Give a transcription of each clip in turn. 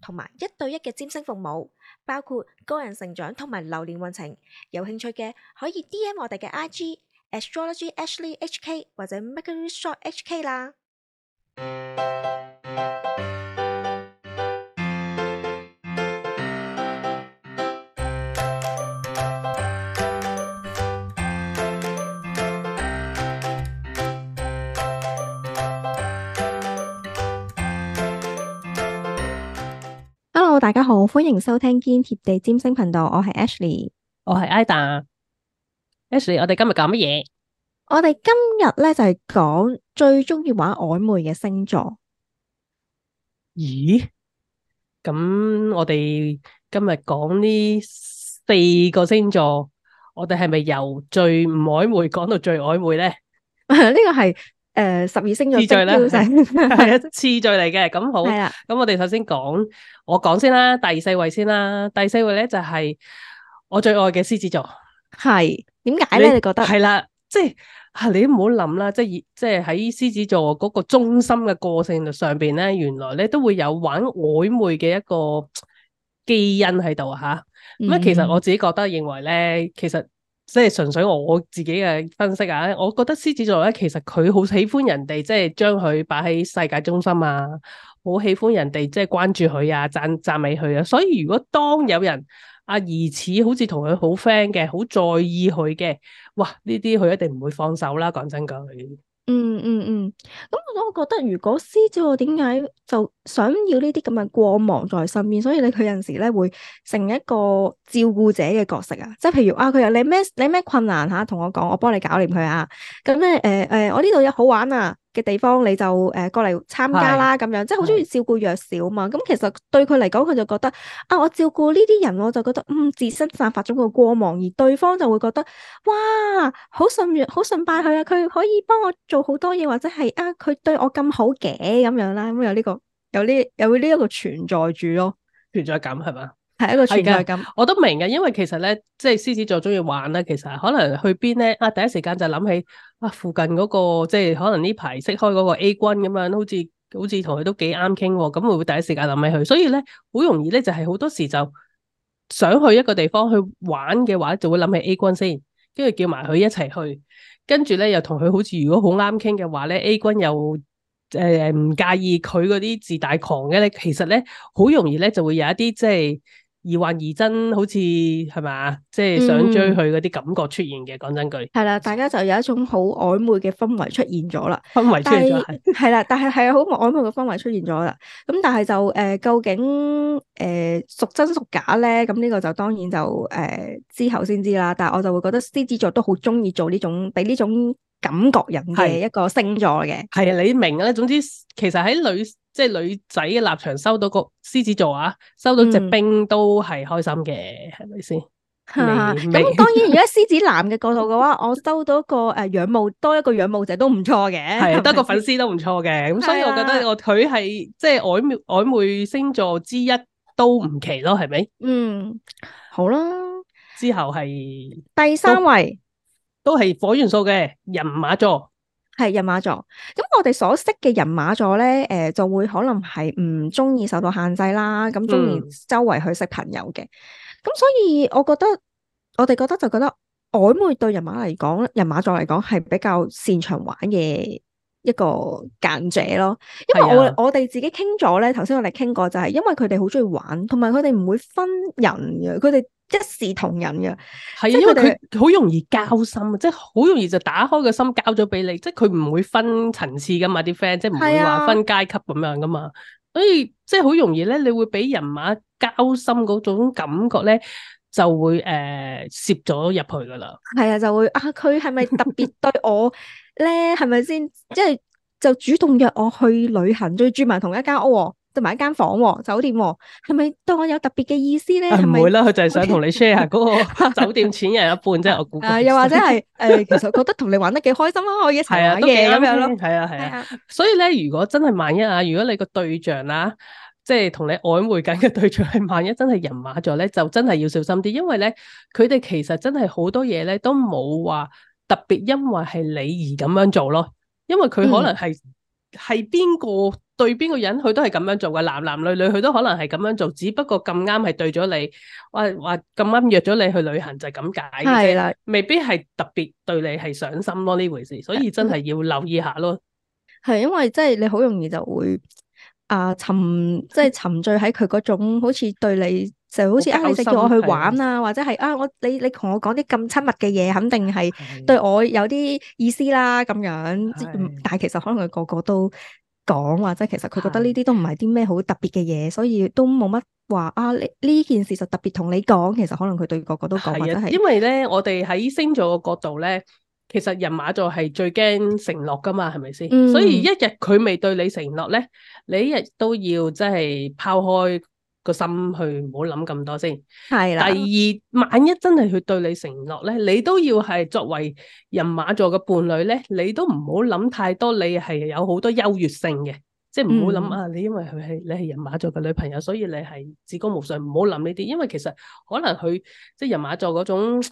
同埋一對一嘅占星服務，包括個人成長同埋流年運程。有興趣嘅可以 DM 我哋嘅 IG Astrology Ashley HK 或者 Mercury Shop HK 啦。大家好，歡迎收聽堅貼地占星頻道，我係 Ashley，我係 Ida，Ashley，我哋今日講乜嘢？我哋今日咧就係講最鍾意玩曖昧嘅星座。咦？咁我哋今日講呢四個星座，我哋係咪由最唔曖昧講到最曖昧咧？呢個係。誒，十二星座次序啦，係啊，次序嚟嘅。咁好，咁我哋首先講，我講先啦，第四位先啦。第四位咧就係我最愛嘅獅子座。係，點解咧？你覺得係啦，即係吓你都唔好諗啦。即係即係喺獅子座嗰個中心嘅個性度上面咧，原來咧都會有玩曖昧嘅一個基因喺度吓。咁啊，其實我自己覺得認為咧，其實。即係純粹我自己嘅分析啊！我覺得獅子座呢，其實佢好喜歡人哋，即係將佢擺喺世界中心啊！好喜歡人哋，即係關注佢啊，讚讚美佢啊！所以如果當有人啊疑似好似同佢好 friend 嘅，好在意佢嘅，哇！呢啲佢一定唔會放手啦！講真句。嗯嗯嗯，咁、嗯嗯、我咁覺得如果獅子我點解就想要呢啲咁嘅過往在身邊，所以咧佢有時咧會成一個照顧者嘅角色啊，即係譬如啊，佢有你咩你咩困難吓，同我講，我幫你搞掂佢啊，咁咧、呃呃、我呢度有好玩啊！嘅地方你就誒、呃、過嚟參加啦，咁樣即係好鍾意照顧弱小嘛。咁 其實對佢嚟講，佢就覺得啊，我照顧呢啲人，我就覺得嗯，自身散發咗個光芒，而對方就會覺得哇，好信賴，好崇拜佢啊！佢可以幫我做好多嘢，或者係啊，佢對我咁好嘅咁樣啦。咁有呢、呢個有呢、呢個、有呢一個存在住咯，存在感係嘛？係嘅，我都明嘅，因為其實咧，即係獅子座中意玩咧，其實可能去邊咧啊？第一時間就諗起啊，附近嗰個即係可能呢排識開嗰個 A 君咁樣，好似好似同佢都幾啱傾喎，咁會唔會第一時間諗起佢？所以咧，好容易咧就係好多時就想去一個地方去玩嘅話，就會諗起 A 君先，跟住叫埋佢一齊去，呢跟住咧又同佢好似如果好啱傾嘅話咧，A 君又誒唔介意佢嗰啲自大狂嘅咧，其實咧好容易咧就會有一啲即係。疑幻疑真，好似係咪，即係想追佢嗰啲感覺出現嘅。講、嗯、真句，係啦，大家就有一種好曖昧嘅氛圍出現咗啦。氛圍出現咗係，係啦是，但係係啊，好曖昧嘅氛圍出現咗啦。咁但係就誒、呃，究竟誒屬、呃、真屬假咧？咁、這、呢個就當然就誒、呃、之後先知啦。但係我就會覺得獅子座都好鍾意做呢種俾呢種感覺人嘅一個星座嘅。係啊，你明啦。總之，其實喺女。即係女仔嘅立場，收到個獅子座啊，收到隻兵都係開心嘅，係咪先？咁當然，如果獅子男嘅角度嘅話， 我收到個誒仰、呃、慕，多一個仰慕者都唔錯嘅，多、啊、一個粉絲都唔錯嘅。咁、啊、所以我覺得我佢係即係曖昧曖昧星座之一都唔奇咯，係咪？嗯，好啦，之後係第三位都係火元素嘅人馬座，座。係人馬座，咁我哋所識嘅人馬座呢，誒、呃、就會可能係唔鍾意受到限制啦，咁鍾意周圍去識朋友嘅，咁所以我覺得，我哋覺得就覺得曖昧對人馬嚟講，人馬座嚟講係比較擅長玩嘅。一個間者咯，因為我、啊、我哋自己傾咗咧，頭先我哋傾過就係，因為佢哋好中意玩，同埋佢哋唔會分人嘅，佢哋一視同仁嘅。係啊，因為佢好容易交心，即係好容易就打開個心交咗俾你，即係佢唔會分層次噶嘛，啲 friend 即係唔會話分階級咁樣噶嘛，啊、所以即係好容易咧，你會俾人馬交心嗰種感覺咧，就會誒攝咗入去噶啦。係啊，就會啊，佢係咪特別對我？ 咧，係咪先？即係就主動約我去旅行，再住埋同一間屋，喔，同埋一間房，喔，酒店、喔，係咪對我有特別嘅意思咧？唔、啊、會啦，佢就係想同你 share 嗰個酒店錢人一半即啫。我估啊，又或者係誒，呃、 其實覺得同你玩得幾開心啦，可以一齊玩嘢咁樣咯。係啊，係啊。啊啊所以咧，如果真係萬一啊，如果你個對象啊，即係同你曖昧緊嘅對象，係萬一真係人馬座咧，就真係要小心啲，因為咧，佢哋其實真係好多嘢咧，都冇話。特別因為係你而咁樣做咯，因為佢可能係係邊個對邊個人，佢都係咁樣做嘅，男男女女佢都可能係咁樣做，只不過咁啱係對咗你，話話咁啱約咗你去旅行就係咁解嘅啫，嗯、未必係特別對你係上心咯呢回事，所以真係要留意下咯。係因為即係你好容易就會啊沉即係沉醉喺佢嗰種好似對你。就好似啊，你叫我去玩啊，或者係啊，我你你同我講啲咁親密嘅嘢，肯定係對我有啲意思啦咁樣。但係其實可能佢個個都講，或者其實佢覺得呢啲都唔係啲咩好特別嘅嘢，所以都冇乜話啊呢呢件事就特別同你講。其實可能佢對個個都講，都係。因為咧，我哋喺星座嘅角度咧，其實人馬座係最驚承諾噶嘛，係咪先？所以一日佢未對你承諾咧，你一日都要即係拋開。個心去唔好諗咁多先，係啦的。第二，萬一真係佢對你承諾咧，你都要係作為人馬座嘅伴侶咧，你都唔好諗太多。你係有好多優越性嘅，即係唔好諗啊！你因為佢係你係人馬座嘅女朋友，所以你係至高無上，唔好諗呢啲。因為其實可能佢即係人馬座嗰種誒、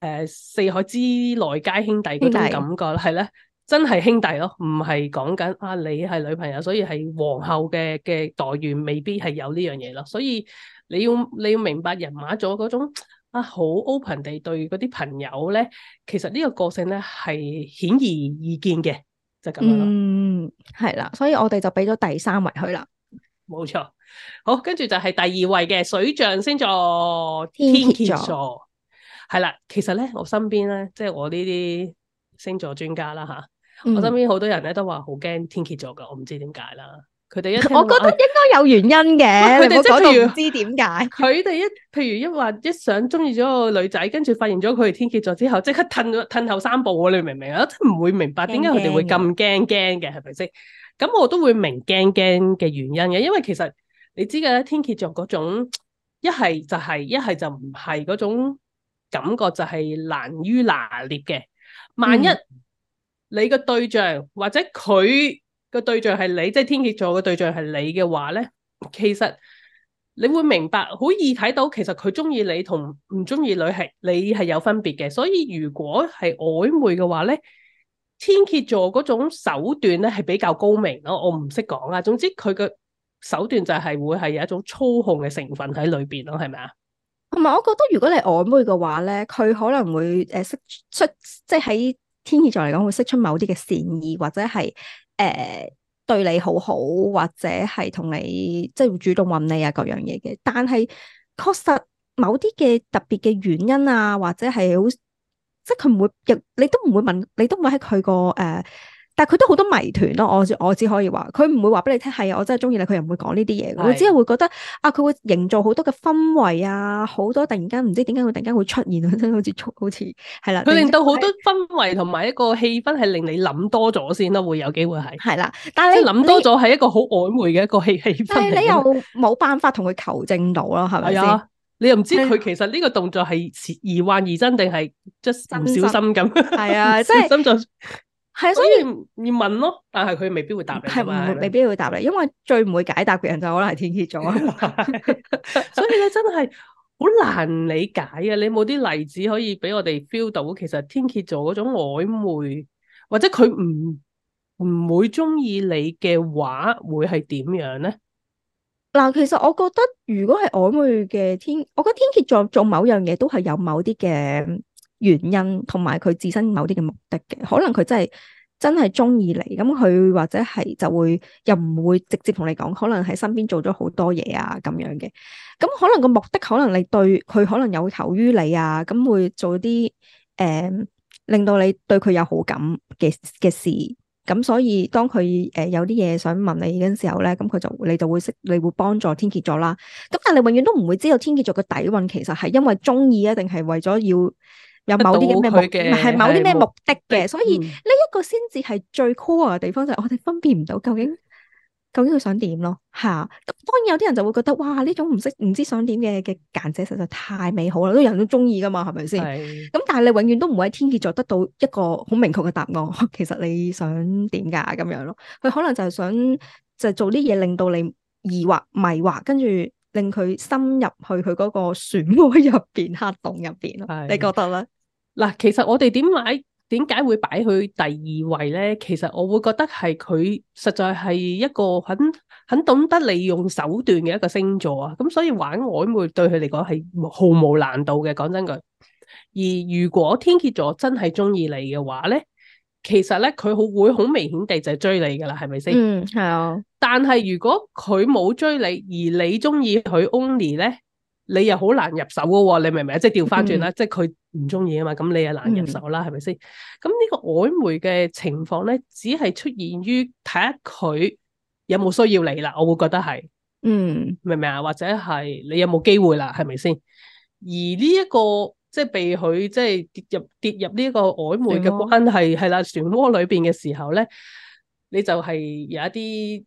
呃、四海之內皆兄弟嗰種感覺係咧。弟真係兄弟咯，唔係講緊啊！你係女朋友，所以係皇后嘅嘅待遇未必係有呢樣嘢咯。所以你要你要明白，人馬座嗰種啊好 open 地對嗰啲朋友咧，其實呢個個性咧係顯而易見嘅，就咁樣咯。嗯，係啦，所以我哋就俾咗第三位去啦。冇錯，好，跟住就係第二位嘅水象星座天蠍座，係啦。其實咧，我身邊咧，即係我呢啲星座專家啦，嚇。我身邊好多人咧都話好驚天蠍座㗎，我唔知點解啦。佢哋一我覺得應該有原因嘅，佢哋即係唔知點解。佢哋一譬如一話一想鍾意咗個女仔，跟住發現咗佢係天蝎座之後，即刻褪褪後三步，你明唔明啊？真唔會明白點解佢哋會咁驚驚嘅，係咪先？咁我都會明驚驚嘅原因嘅，因為其實你知嘅咧，天蝎座嗰種一係就係一係就唔係嗰種感覺，就係難於拿捏嘅。萬一。你個對象或者佢個對象係你，即係天蠍座個對象係你嘅話咧，其實你會明白好易睇到，其實佢中意你同唔中意你係你係有分別嘅。所以如果係曖昧嘅話咧，天蠍座嗰種手段咧係比較高明咯。我唔識講啦，總之佢嘅手段就係會係有一種操控嘅成分喺裏邊咯，係咪啊？同埋我覺得如果你曖昧嘅話咧，佢可能會誒識、呃、出即係喺。天蠍座嚟講會釋出某啲嘅善意，或者係誒、呃、對你好好，或者係同你即係會主動問你啊各樣嘢嘅。但係確實某啲嘅特別嘅原因啊，或者係好即係佢唔會，又你都唔會問，你都唔會喺佢個誒。呃但係佢都好多謎團咯，我我只可以話佢唔會話俾你聽係、哎、我真係鍾意你，佢又唔會講呢啲嘢。我只係會覺得啊，佢會營造好多嘅氛圍啊，好多突然間唔知點解會突然間會出現，真好似好似係啦。佢令到好多，的多氛圍同埋一個氣氛係令你諗多咗先啦，會有機會係。係啦，但係諗多咗係一個好曖昧嘅一個氣氣氛。但係你又冇辦法同佢求證到咯，係咪先？你又唔知佢其實呢個動作係疑幻疑真定係即唔小心咁？係啊心，即係。 係啊，所以要問咯，但係佢未必會答你，係唔未必會答你，因為最唔會解答嘅人就可能係天蠍座啊。所以咧，真係好難理解啊！你冇啲例子可以俾我哋 feel 到，其實天蠍座嗰種曖昧，或者佢唔唔會中意你嘅話，會係點樣咧？嗱，其實我覺得，如果係曖昧嘅天，我覺得天蠍座做某樣嘢都係有某啲嘅。原因同埋佢自身某啲嘅目的嘅，可能佢真係真係中意你，咁佢或者係就會又唔會直接同你講，可能喺身邊做咗好多嘢啊，咁樣嘅。咁可能個目的，可能你對佢可能有求於你啊，咁會做啲誒、嗯、令到你對佢有好感嘅嘅事。咁所以當佢誒、呃、有啲嘢想問你嗰陣時候咧，咁佢就你就會識你，你會幫助天蠍座啦。咁但係你永遠都唔會知道天蠍座嘅底蘊，其實係因為中意啊，定係為咗要。有某啲啲咩嘅，唔係他是某啲咩目的嘅，的所以呢一個先至係最 core 嘅地方就係、是、我哋分辨唔到究竟究竟佢想點咯，吓。咁當然有啲人就會覺得哇呢種唔識唔知想點嘅嘅奸者實在太美好啦，都人都中意噶嘛，係咪先？咁但係你永遠都唔會喺天蠍座得到一個好明確嘅答案。其實你想點噶咁樣咯？佢可能就係想就做啲嘢令到你疑惑迷惑，跟住令佢深入去佢嗰個漩渦入邊黑洞入邊咯。的你覺得咧？嗱，其實我哋點解？點解會擺佢第二位咧？其實我會覺得係佢實在係一個很很懂得利用手段嘅一個星座啊！咁所以玩曖昧對佢嚟講係毫無難度嘅。講真句，而如果天蠍座真係中意你嘅話咧，其實咧佢好會好明顯地就係追你㗎喇，係咪先？嗯，係啊。但係如果佢冇追你，而你中意佢 only 咧，你又好難入手㗎喎。你明唔明啊？即係調返轉啦，即係佢。唔中意啊嘛，咁你又難入手啦，係咪先？咁呢個曖昧嘅情況咧，只係出現於睇下佢有冇需要你啦，我會覺得係，嗯，明唔明啊？或者係你有冇機會啦，係咪先？而呢一個，即係被佢即係跌入跌入呢個曖昧嘅關係，係啦漩渦裏邊嘅時候咧。你就係有一啲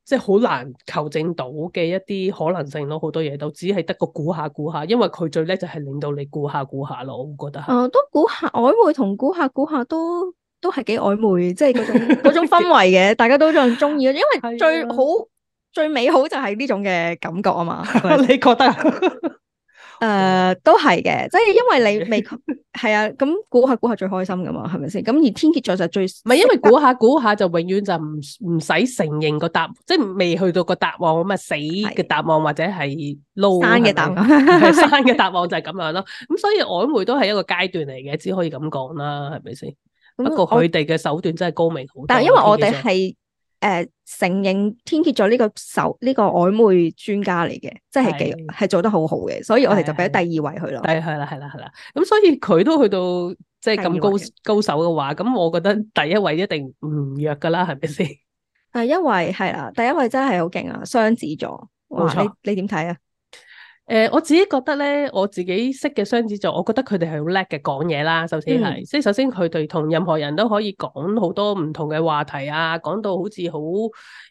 即係好難求證到嘅一啲可能性咯，好多嘢都只係得個估下估下，因為佢最叻就係令到你估下估下咯，我唔覺得係。誒、呃，都估下曖昧同估下估下都都係幾曖昧，即係嗰種嗰 種氛圍嘅，大家都仲中意，因為最好 最美好就係呢種嘅感覺啊嘛， 你覺得？ 誒、呃，都係嘅，即係因為你未係 啊，咁估下估下最開心噶嘛，係咪先？咁而天蠍座就最唔係，因為估下估下就永遠就唔唔使承認個答，即係未去到個答案咁啊，死嘅答案或者係撈嘅答案， 生嘅答案就係咁樣咯。咁 所以曖昧都係一個階段嚟嘅，只可以咁講啦，係咪先？不過佢哋嘅手段真係高明好多。嗯、但係因為我哋係。天臉 誒、呃，承認天蠍座呢個手呢、這個曖昧專家嚟嘅，即係幾係是做得好好嘅，所以我哋就俾咗第二位佢咯。係啦係啦係啦，咁所以佢都去到即係咁高高手嘅話，咁我覺得第一位一定唔弱噶啦，係咪先？ 第一位係啦，第一位真係好勁啊，雙子座，冇錯錯，你你點睇啊？誒、呃、我自己覺得咧，我自己識嘅雙子座，我覺得佢哋係好叻嘅講嘢啦。首先係，嗯、即係首先佢哋同任何人都可以講好多唔同嘅話題啊，講到好似好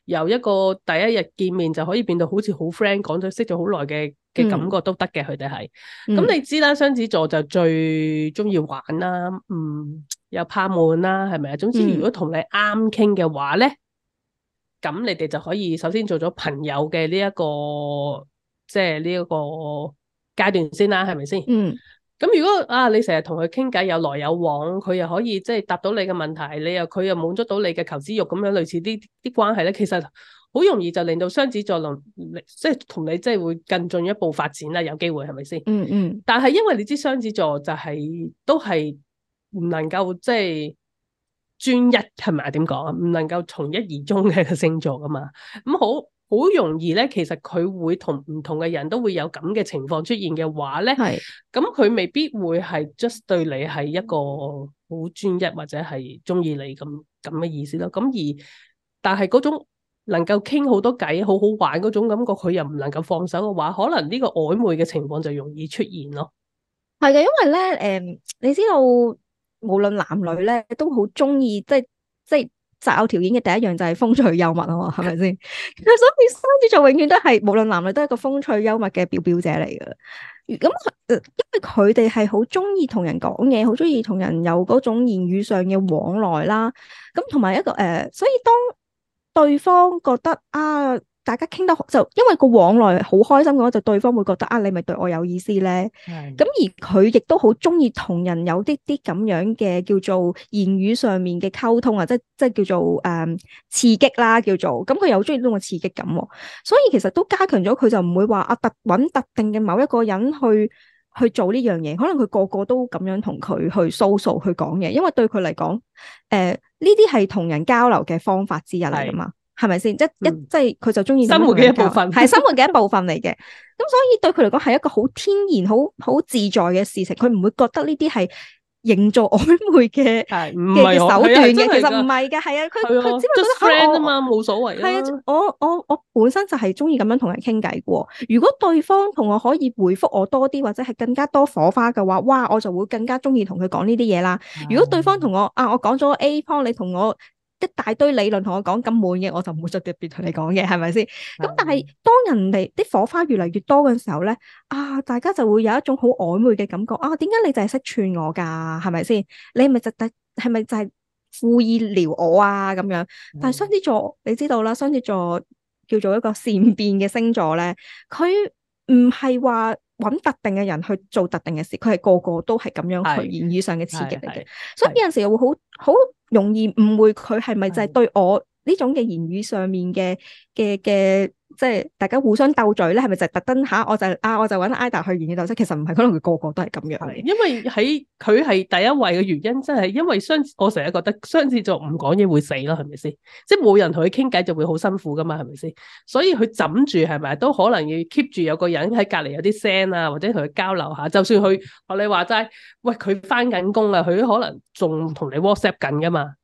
由一個第一日見面就可以變好 friend，到好似好 friend，講咗識咗好耐嘅嘅感覺都得嘅。佢哋係，咁、嗯、你知啦，雙子座就最中意玩啦，嗯，又怕悶啦，係咪啊？總之、嗯嗯、如果同你啱傾嘅話咧，咁你哋就可以首先做咗朋友嘅呢一個。即係呢一個階段先啦，係咪先？嗯。咁如果啊，你成日同佢傾偈有來有往，佢又可以即係答到你嘅問題，你又佢又滿足到你嘅求知欲，咁樣類似啲呢啲關係咧，其實好容易就令到雙子座能即係同你即係會更進一步發展啦，有機會係咪先？嗯嗯。但係因為你知雙子座就係、是、都係唔能夠即係專一，係咪啊？點講啊？唔能夠從一而終嘅星座㗎嘛。咁、嗯、好。好容易咧，其實佢會同唔同嘅人都會有咁嘅情況出現嘅話咧，咁佢係嘅，未必會係 just 對你係一個好專一或者係鍾意你咁咁嘅意思咯。咁而但係嗰種能夠傾好多偈好好玩嗰種感覺，佢又唔能夠放手嘅話，可能呢個曖昧嘅情況就容易出現咯。係嘅，因為咧誒、呃，你知道無論男女咧都好鍾意即即。即擇偶條件嘅第一樣就係風趣幽默啊，係咪先？所以雙子座永遠都係無論男女都係一個風趣幽默嘅表表者嚟嘅。咁，因為佢哋係好中意同人講嘢，好中意同人有嗰種言語上嘅往來啦。咁同埋一個誒、呃，所以當對方覺得啊。大家傾得好就，因為個往來好開心嘅話，就對方會覺得啊，你咪對我有意思咧。咁的而佢亦都好鍾意同人有啲啲咁樣嘅叫做言語上面嘅溝通啊，即即係叫做誒、呃、刺激啦，叫做咁佢又好鍾意呢個刺激感，哦。所以其實都加強咗，佢就唔會話啊，特揾特定嘅某一個人去去做呢樣嘢。可能佢個個都咁樣同佢去訴訴去講嘢，因為對佢嚟講，誒呢啲係同人交流嘅方法之一嚟㗎嘛。係咪先？即一即係佢就中意生活嘅一部分，係生活嘅一部分嚟嘅。咁所以對佢嚟講係一個好天然、好好自在嘅事情，佢唔會覺得呢啲係營造曖昧嘅嘅手段嘅。其實唔係嘅，係啊，佢佢只係覺得 friend 啊嘛，冇所謂。係啊，我我我本身就係中意咁樣同人傾偈嘅。如果對方同我可以回覆我多啲，或者係更加多火花嘅話，哇，我就會更加中意同佢講呢啲嘢啦。如果對方同我啊，我講咗 A 你同我。一大堆理論同我講咁滿嘅，我就唔會再特別同你講嘢，係咪先？咁 但係當人哋啲火花越嚟越多嘅時候咧，啊，大家就會有一種好曖昧嘅感覺啊！點解你就係識串我㗎？係咪先？你咪就係係咪就係故意撩我啊？咁樣，但係雙子座你知道啦，雙子座叫做一個善變嘅星座咧，佢唔係話，揾特定嘅人去做特定嘅事，佢係個個都係咁樣，佢言語上嘅刺激嚟嘅，所以有陣時又會好好容易誤會佢係咪就係對我。呢種嘅言語上面嘅嘅嘅，即係大家互相鬥嘴咧，係咪就特登吓？我就啊，我就揾 Ida 去言語鬥嘴，其實唔係，可能佢個個都係咁嘅。係因為喺佢係第一位嘅原因，真係因為雙我成日覺得雙子座唔講嘢會死咯，係咪先？即係冇人同佢傾偈就會好辛苦噶嘛，係咪先？所以佢枕住係咪都可能要 keep 住有個人喺隔籬有啲聲啊，或者同佢交流下。就算佢學你話齋，喂，佢翻緊工啦，佢可能仲同你 WhatsApp 緊噶嘛。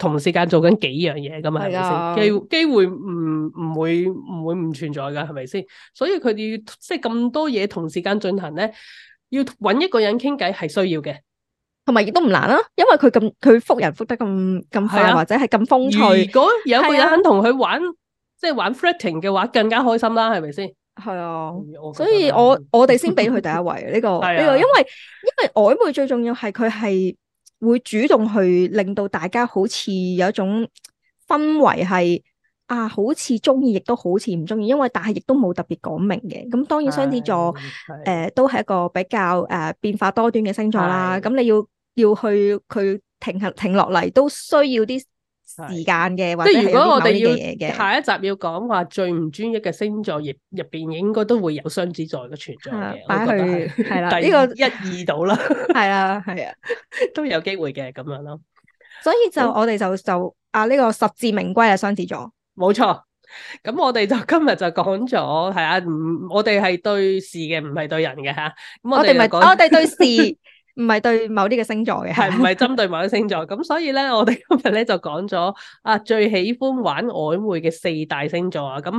同時間做緊幾樣嘢㗎嘛，係咪先？機機會唔唔會唔會唔存在㗎？係咪先？所以佢哋即係咁多嘢同時間進行咧，要搵一個人傾偈係需要嘅，同埋亦都唔難啦。因為佢咁佢覆人覆得咁咁快，或者係咁風趣。如果有一個人肯同佢玩，即係玩 flirting 嘅話，更加開心啦，係咪先？係啊，所以我我哋先俾佢第一位呢個呢個，因為因為曖昧最重要係佢係。會主動去令到大家好似有一種氛圍係啊，好似鍾意亦都好似唔鍾意，因為但係亦都冇特別講明嘅。咁當然雙子座誒的、呃，都係一個比較誒、呃、變化多端嘅星座啦。咁的你要要去佢停，停下停落嚟，都需要啲。時間嘅，即係如果我哋要下一集要講話最唔專一嘅星座，亦入邊應該都會有雙子座嘅存在嘅，係啦，呢個一二到啦，係啊，係啊， 都有機會嘅咁樣咯。所以就、嗯、我哋就就，就啊呢、這個實至名歸係雙子座，冇錯。咁我哋就今日就講咗，係啊，唔我哋係對事嘅，唔係對人嘅吓。咁、啊、我哋咪我哋對事。 唔係對某啲嘅星座嘅，係唔係針對某啲星座？咁所以咧，我哋今日咧就講咗啊，最喜歡玩曖昧嘅四大星座啊！咁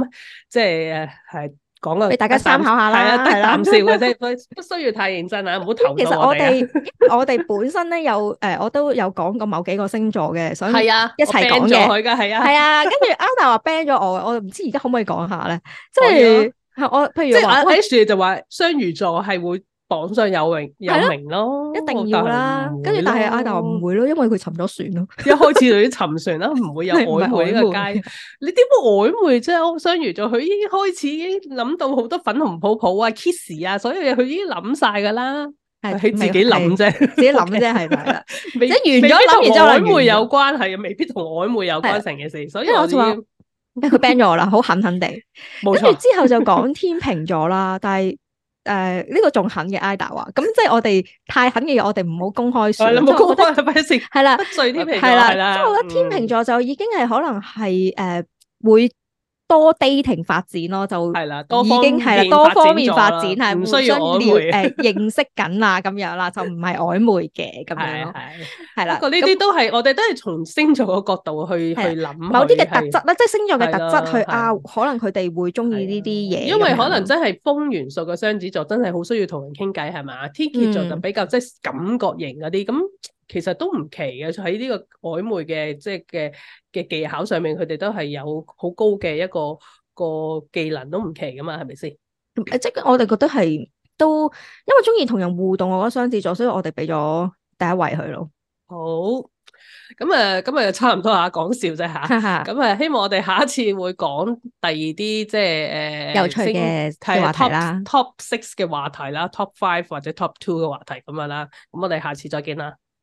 即係係講個，俾大家參考下啦，係啊，啖笑嘅啫，不需要太認真啊，唔好投入。其實我哋我哋本身咧有誒，我都有講過某幾個星座嘅，所以一齊講咗佢㗎，係啊，係啊，跟住 ida 話 ban 咗我，我唔知而家可唔可以講下咧？即係我譬如，即係 H 就話雙魚座係會。榜上有名，有名咯，一定要啦。跟住，但係阿豆唔會咯，因為佢沉咗船咯。一開始就要沉船啦，唔會有曖昧呢個街。你點會曖昧啫？雙魚座佢已經開始已經諗到好多粉紅泡泡啊、kiss 啊，所有嘢佢已經諗晒㗎啦。係佢自己諗啫，自己諗啫，係咪啦？即完咗諗完之後，曖昧有關係嘅，未必同曖昧有關成件事。所以我話佢 ban 咗我啦，好狠狠地。冇錯。跟住之後就講天秤座啦，但係。誒，呢、呃這個仲肯嘅 ida 話，咁、嗯、即係我哋太狠嘅嘢，我哋唔好公開說。唔好公開，係咪先？係啦，碎天秤座係啦，即係我覺得天秤座就已經係可能係誒、呃、會。多 dating 發展咯，就係啦，已經係啦，多方面發展，係互相聊誒認識緊啦，咁樣啦，就唔係曖昧嘅咁樣咯，係啦。不過呢啲都係我哋都係從星座嘅角度去去諗，某啲嘅特質啦，即係星座嘅特質去啊，可能佢哋會鍾意呢啲嘢。因為可能真係風元素嘅雙子座，真係好需要同人傾偈，係咪？天蠍座就比較即係、就是、感覺型嗰啲咁。其實都唔奇嘅，喺呢個曖昧嘅即係嘅嘅技巧上面，佢哋都係有好高嘅一個一個技能都唔奇噶嘛，係咪先？即係我哋覺得係都，因為中意同人互動，我覺得雙子座，所以我哋俾咗第一位佢咯。好，咁啊，咁啊，差唔多啊，講笑啫吓。咁啊，希望我哋下一次會講第二啲即係誒有趣嘅星話題啦，Top Six 嘅話題啦，Top Five 或者 Top Two 嘅話題咁樣啦。咁我哋下次再見啦。